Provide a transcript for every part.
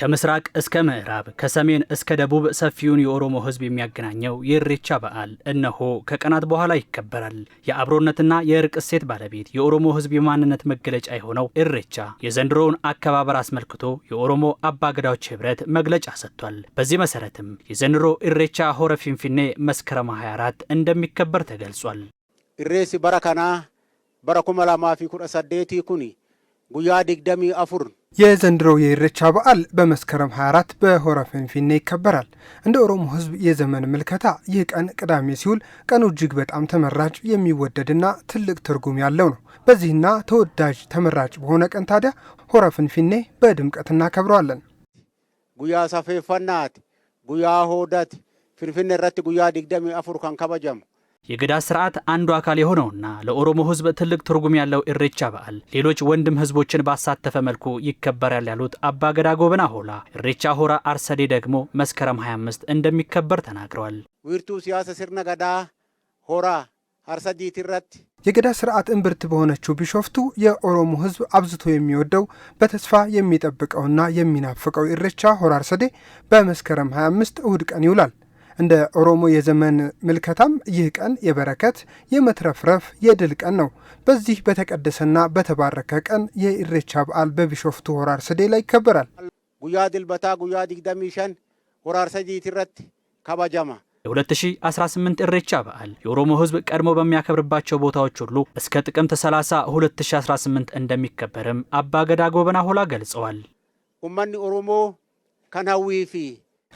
ከምስራቅ እስከ ምዕራብ ከሰሜን እስከ ደቡብ ሰፊውን የኦሮሞ ሕዝብ የሚያገናኘው የኢሬቻ በዓል እነሆ ከቀናት በኋላ ይከበራል። የአብሮነትና የእርቅ እሴት ባለቤት የኦሮሞ ሕዝብ የማንነት መገለጫ የሆነው ኢሬቻ የዘንድሮውን አከባበር አስመልክቶ የኦሮሞ አባገዳዎች ህብረት መግለጫ ሰጥቷል። በዚህ መሰረትም የዘንድሮ ኢሬቻ ሆረ ፊንፊኔ መስከረም 24 እንደሚከበር ተገልጿል። ኢሬሲ በረከና በረኩመላማፊ ኩን ጉያ ዲግደሚ አፉር የዘንድሮው የኢሬቻ በዓል በመስከረም 24 በሆረ ፊንፊኔ ይከበራል። እንደ ኦሮሞ ሕዝብ የዘመን ምልከታ ይህ ቀን ቅዳሜ ሲውል ቀኑ እጅግ በጣም ተመራጭ የሚወደድና ትልቅ ትርጉም ያለው ነው። በዚህና ተወዳጅ ተመራጭ በሆነ ቀን ታዲያ ሆረ ፊንፊኔ በድምቀት እናከብረዋለን። ጉያ ሳፌፋናት ጉያ ሆደት ፊንፊኔ ረት ጉያ ዲግደሚ አፉር ከንከበጀም የገዳ ስርዓት አንዱ አካል የሆነውና ለኦሮሞ ህዝብ ትልቅ ትርጉም ያለው እሬቻ በዓል ሌሎች ወንድም ህዝቦችን ባሳተፈ መልኩ ይከበራል ያሉት አባ ገዳ ጎበና ሆላ እሬቻ ሆራ አርሰዴ ደግሞ መስከረም 25 እንደሚከበር ተናግረዋል። ዊርቱ ሲያሰ ሲርነ ገዳ ሆራ አርሰዴ ትረት የገዳ ስርዓት እምብርት በሆነችው ቢሾፍቱ የኦሮሞ ህዝብ አብዝቶ የሚወደው በተስፋ የሚጠብቀውና የሚናፍቀው ኢሬቻ ሆራ አርሰዴ በመስከረም 25 እሁድ ቀን ይውላል። እንደ ኦሮሞ የዘመን ምልከታም ይህ ቀን የበረከት፣ የመትረፍረፍ፣ የድል ቀን ነው። በዚህ በተቀደሰና በተባረከ ቀን የኢሬቻ በዓል በቢሾፍቱ ሆራር ስዴ ላይ ይከበራል። ጉያ ድልበታ ጉያ ዲግደሚሸን ሆራር ሰዲት ረት ከባጃማ የ2018 እሬቻ በዓል የኦሮሞ ሕዝብ ቀድሞ በሚያከብርባቸው ቦታዎች ሁሉ እስከ ጥቅምት 30 2018 እንደሚከበርም አባገዳ ጎበና ሆላ ገልጸዋል። ኡመኒ ኦሮሞ ከናዊፊ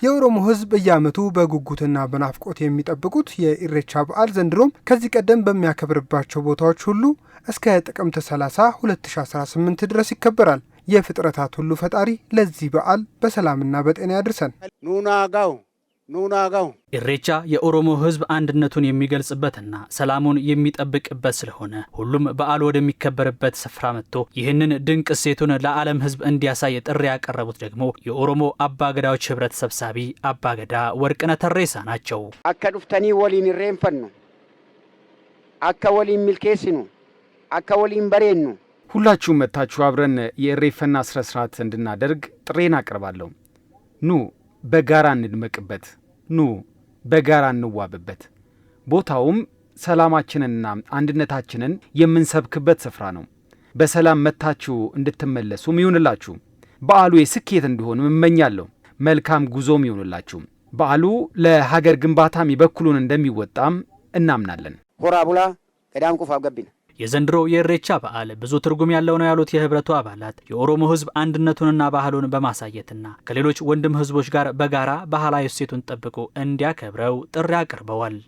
የኦሮሞ ህዝብ በየዓመቱ በጉጉትና በናፍቆት የሚጠብቁት የኢሬቻ በዓል ዘንድሮም ከዚህ ቀደም በሚያከብርባቸው ቦታዎች ሁሉ እስከ ጥቅምት 30 2018 ድረስ ይከበራል። የፍጥረታት ሁሉ ፈጣሪ ለዚህ በዓል በሰላምና በጤና ያድርሰን። ጋው ኑናጋው ኢሬቻ የኦሮሞ ሕዝብ አንድነቱን የሚገልጽበትና ሰላሙን የሚጠብቅበት ስለሆነ ሁሉም በዓል ወደሚከበርበት ስፍራ መጥቶ ይህንን ድንቅ እሴቱን ለዓለም ሕዝብ እንዲያሳይ ጥሪ ያቀረቡት ደግሞ የኦሮሞ አባገዳዎች ህብረት ሰብሳቢ አባገዳ ወርቅነ ተሬሳ ናቸው። አከ ዱፍተኒ ወሊን ኢሬንፈኑ አከ ወሊን ሚልኬስኑ አከ ወሊን በሬኑ ሁላችሁም መጥታችሁ አብረን የኢሬፈና ስነ እንድናደርግ ጥሬን አቀርባለሁ። ኑ በጋራ እንድመቅበት ኑ በጋራ እንዋብበት። ቦታውም ሰላማችንና አንድነታችንን የምንሰብክበት ስፍራ ነው። በሰላም መታችሁ እንድትመለሱም ይሁንላችሁ። በዓሉ የስኬት እንዲሆንም እመኛለሁ። መልካም ጉዞም ይሁንላችሁ። በዓሉ ለሀገር ግንባታም የበኩሉን እንደሚወጣም እናምናለን። ሆራ ቡላ ቀዳም ቁፋ ገቢና የዘንድሮ የሬቻ በዓል ብዙ ትርጉም ያለው ነው ያሉት የህብረቱ አባላት የኦሮሞ ህዝብ አንድነቱንና ባህሉን በማሳየትና ከሌሎች ወንድም ህዝቦች ጋር በጋራ ባህላዊ እሴቱን ጠብቆ እንዲያከብረው ጥሪ አቅርበዋል።